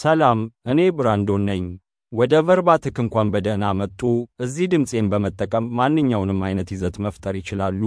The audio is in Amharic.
ሰላም፣ እኔ ብራንዶን ነኝ። ወደ ቨርባትክ እንኳን በደህና መጡ። እዚህ ድምፄን በመጠቀም ማንኛውንም አይነት ይዘት መፍጠር ይችላሉ።